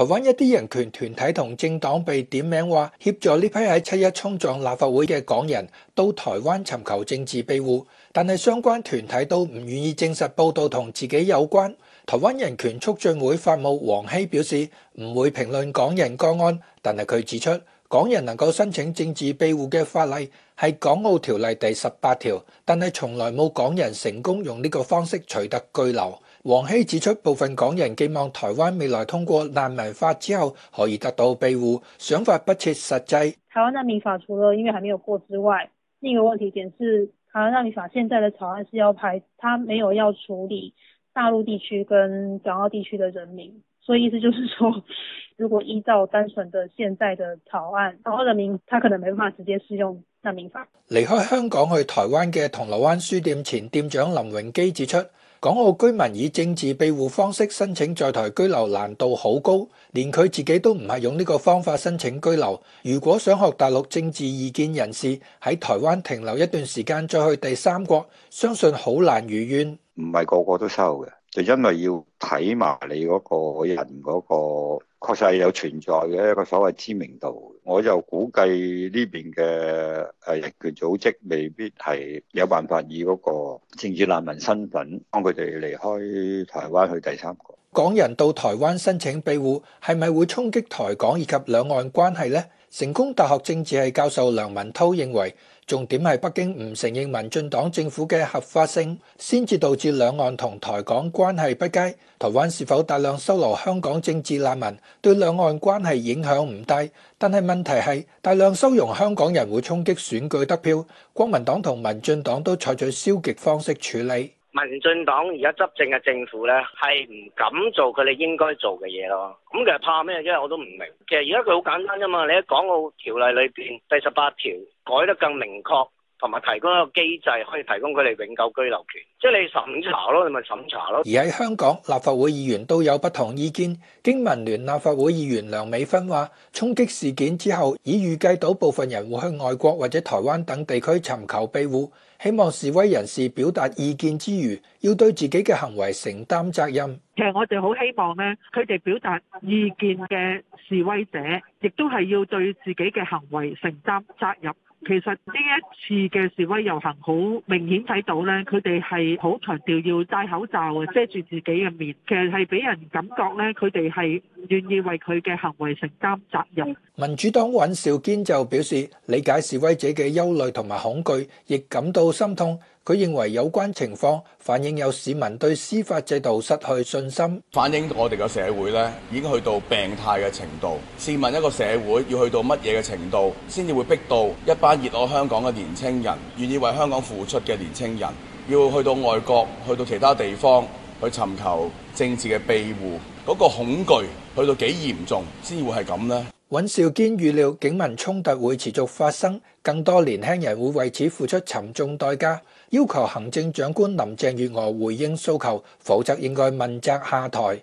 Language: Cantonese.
台灣一啲人權團體同政黨被點名話協助呢批喺七一衝撞立法會嘅港人到台灣尋求政治庇護，但係相關團體都唔願意證實報道同自己有關。台灣人權促進會法務黃希表示唔會評論港人個案，但係佢指出。港人能夠申請政治庇護嘅法例係《港澳條例》第十八條，但係從來冇港人成功用呢個方式取得居留。王希指出，部分港人寄望台灣未來通過難民法之後可以得到庇護，想法不切實際。台灣難民法除了因為還沒有過之外，另一個問題點是，台灣難民法現在的草案是要排，他沒有要處理大陸地區跟港澳地區的人民，所以意思就是說。如果依照單純的現在的草案，港澳人民他可能沒辦法直接使用《難民法》。離開香港去台灣嘅銅鑼灣書店前店長林榮基指出，港澳居民以政治庇護方式申請在台居留難度好高，連佢自己都唔係用呢個方法申請居留。如果想學大陸政治異見人士喺台灣停留一段時間再去第三國，相信好難如願。唔係個個都收嘅。就因為要睇埋你嗰個人嗰個確實係，有存在嘅一個所謂知名度，我就估計呢邊嘅誒，人權組織未必係有辦法，以嗰個政治難民身份幫佢哋離開台灣去第三國。港人到台灣申請庇護，係咪會衝擊台港以及兩岸關係咧？成功大學政治系教授梁文濤認為，重點係北京唔承認民進黨政府嘅合法性，先至導致兩岸同台港關係不佳。台灣是否大量收留香港政治難民，對兩岸關係影響唔大。但係問題係大量收容香港人會衝擊選舉得票，國民黨同民進黨都採取消極方式處理。民進黨而家執政嘅政府咧，係唔敢做佢哋應該做嘅嘢咯。咁其實怕咩？因為我都唔明。其實而家佢好簡單啫嘛。你喺《港澳條例》裏面，第十八條改得更明確。同埋提供一個機制，可以提供佢哋永久居留權，即係你審查咯，你咪審查咯。而喺香港，立法會議員都有不同意見，經民聯立法會議員梁美芬話衝擊事件之後，已預計到部分人會去外國或者台灣等地區尋求庇護，希望示威人士表達意見之餘，要對自己嘅行為承擔責任。其實我哋好希望咧，佢哋表達意見嘅示威者，亦都係要對自己嘅行為承擔責任。其實呢一次嘅示威遊行好明顯睇到咧，佢哋係好強調要戴口罩啊，遮住自己嘅面，其實係俾人感覺咧，佢哋係願意為佢嘅行為承擔責任。民主黨尹兆堅就表示，理解示威者嘅憂慮同埋恐懼，亦感到心痛。佢認為有關情況反映有市民對司法制度失去信心，反映我哋個社會呢已經去到病態嘅程度。試問一個社會要去到乜嘢嘅程度，先至會逼到一班熱愛香港嘅年輕人，願意為香港付出嘅年輕人，要去到外國，去到其他地方，去尋求政治嘅庇護，嗰個恐懼去到幾嚴重先會係咁呢？尹兆堅預料警民衝突會持續發生，更多年輕人會為此付出沉重代價，要求行政長官林鄭月娥回應訴求，否則應該問責下台。